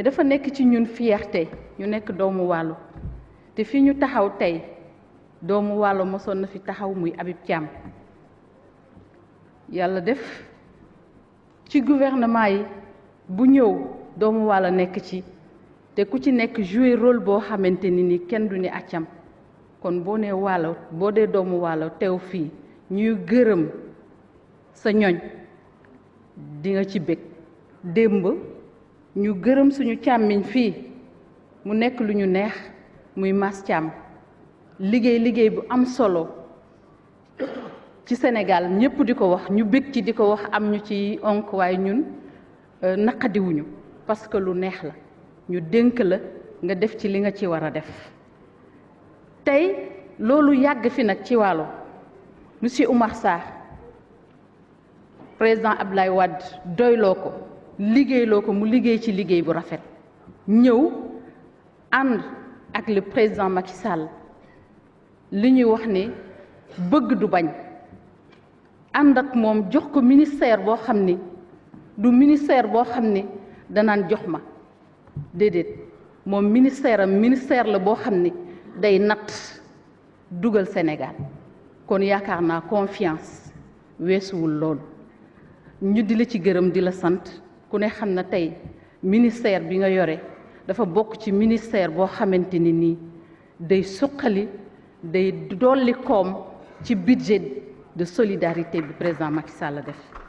te dafa nekk ci ñun fierté ñu nekk doomu wàllu te fi ñu taxaw tey doomu wàllu mosoon na fi taxaw muy Habib càmm yàlla def ci gouvernement yi bu ñëw doomu wàllu nekk ci te ku ci nekk jouer rôle boo xamante ni ni kenn du ni accam kon boo boo dee doomu wàllu teew fii ñuy gërëm sa ñoñ dinga ci bëgg démb ñu gërëm suñu càmmiñ fii mu nekk lu ñu neex muy Mass Thiam liggéey liggéey bu am solo ci Sénégal ñëpp di ko wax ñu bég ci di ko wax am ñu ci onk waaye ñun euh, naqadiwuñu parce que lu neex la ñu dénk la nga def ci li nga ci war a def tey loolu yàgg fi nag ci Waalo monsieur Oumar Sarr président Abdoulaye wàdd doyloo ko liggéeyloo ko mu liggéey ci liggéey bu rafet ñëw ànd ak le président Macky Sall li ñuy wax ni bëgg du bañ ànd ak moom jox ko ministère boo xam ni du ministère boo xam ni danaan jox ma déedéet moom ministère am ministère la boo xam ni day natt dugal Sénégal kon yaakaar naa confiance weesuwul loolu ñu di la ci gërëm di la sant ku ne xam na tey ministère bi nga yore dafa bokk ci ministère boo xamante ni nii day suqali day dolli koom ci budget de solidarité bi président Macky Sall def